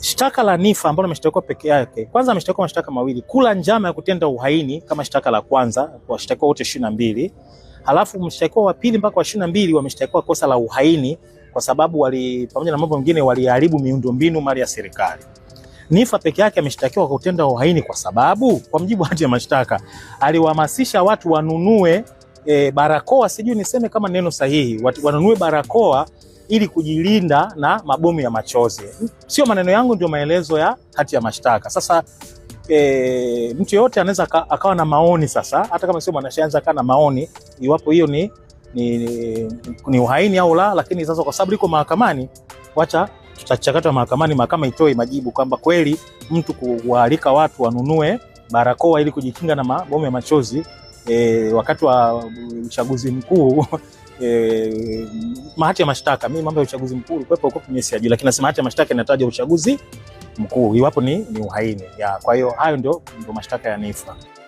Shtaka la Niffer ambalo ameshtakiwa peke yake, kwanza ameshtakiwa mashtaka mawili, kula njama ya kutenda uhaini kama shtaka la kwanza, washtakiwa wote 22. Halafu mshtakiwa wa pili mpaka wa 22 na wameshtakiwa kosa la uhaini kwa sababu wali pamoja na mambo mengine waliharibu miundombinu, mali ya serikali. Niffer peke yake ameshtakiwa kwa kutenda uhaini kwa sababu kwa mjibu hati ya mashtaka aliwahamasisha watu wanunue e, barakoa, sijui niseme kama neno sahihi, wanunue barakoa ili kujilinda na mabomu ya machozi. Sio maneno yangu, ndio maelezo ya hati ya mashtaka. Sasa e, mtu yoyote anaweza akawa na maoni sasa, hata kama sio mwanasheria, akawa na maoni iwapo hiyo ni, ni, ni uhaini au la, lakini sasa kwa sababu liko mahakamani, wacha tutachakatwa mahakamani, mahakama itoe majibu kwamba kweli mtu kuwaalika watu wanunue barakoa ili kujikinga na mabomu ya machozi e, wakati wa uchaguzi mkuu e, mahati ya mashtaka, mimi mambo ya uchaguzi mkuu ulikuwepo huko kwenye siaji, lakini nasema hati ya mashtaka inataja uchaguzi mkuu iwapo ni, ni uhaini ya. Kwa hiyo hayo ndio mashtaka ya NIFA.